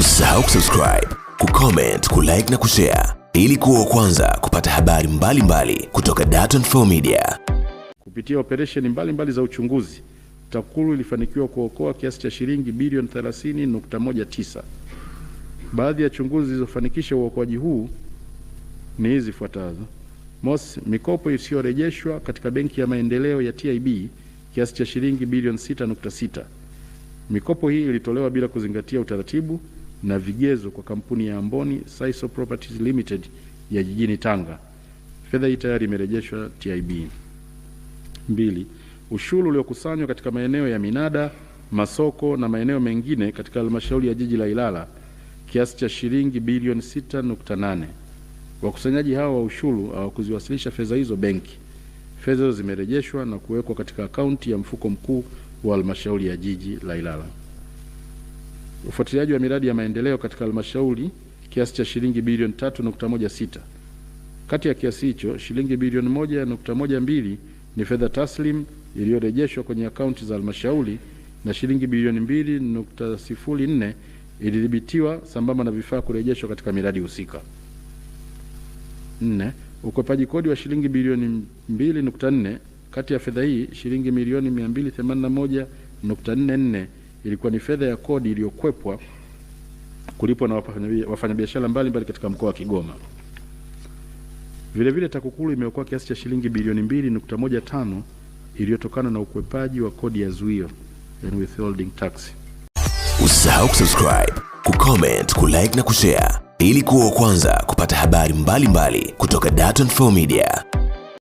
Usisahau kusubscribe, kucomment, kulike na kushare ili kuwa kwanza kupata habari mbalimbali mbali kutoka Dar24 Media. Kupitia operesheni mbalimbali za uchunguzi, TAKUKURU ilifanikiwa kuokoa kiasi cha shilingi bilioni 30.19. Baadhi ya chunguzi zilizofanikisha uokoaji huu ni hizi zifuatazo: mosi, mikopo isiyorejeshwa katika Benki ya Maendeleo ya TIB kiasi cha shilingi bilioni 6.6. Mikopo hii ilitolewa bila kuzingatia utaratibu na vigezo kwa kampuni ya Amboni Saiso Properties Limited ya jijini Tanga. Fedha hii tayari imerejeshwa TIB. Mbili, ushuru uliokusanywa katika maeneo ya minada, masoko na maeneo mengine katika halmashauri ya jiji la Ilala kiasi cha shilingi bilioni 6.8. Wakusanyaji hao wa ushuru hawakuziwasilisha fedha hizo benki. Fedha hizo zimerejeshwa na kuwekwa katika akaunti ya mfuko mkuu wa halmashauri ya jiji la Ilala ufuatiliaji wa miradi ya maendeleo katika halmashauri kiasi cha shilingi bilioni sita. Kati ya kiasi hicho shilingi bilioni 1.12 ni fedha taslim iliyorejeshwa kwenye akaunti za halmashauri na shilingi bilioni nne ilidhibitiwa sambamba na vifaa kurejeshwa katika miradi husika. 4. Ukwepaji kodi wa shilingi bilioni nne. Kati ya fedha hii shilingi milioni nne ilikuwa ni fedha ya kodi iliyokwepwa kulipwa na wafanyabiashara mbalimbali katika mkoa wa Kigoma. Vilevile, TAKUKURU imeokoa kiasi cha shilingi bilioni 2.15 iliyotokana na ukwepaji wa kodi ya zuio, and withholding tax. Usisahau kusubscribe, kucomment, kulike na kushare ili kuwa wa kwanza kupata habari mbalimbali mbali kutoka Dar24 Media.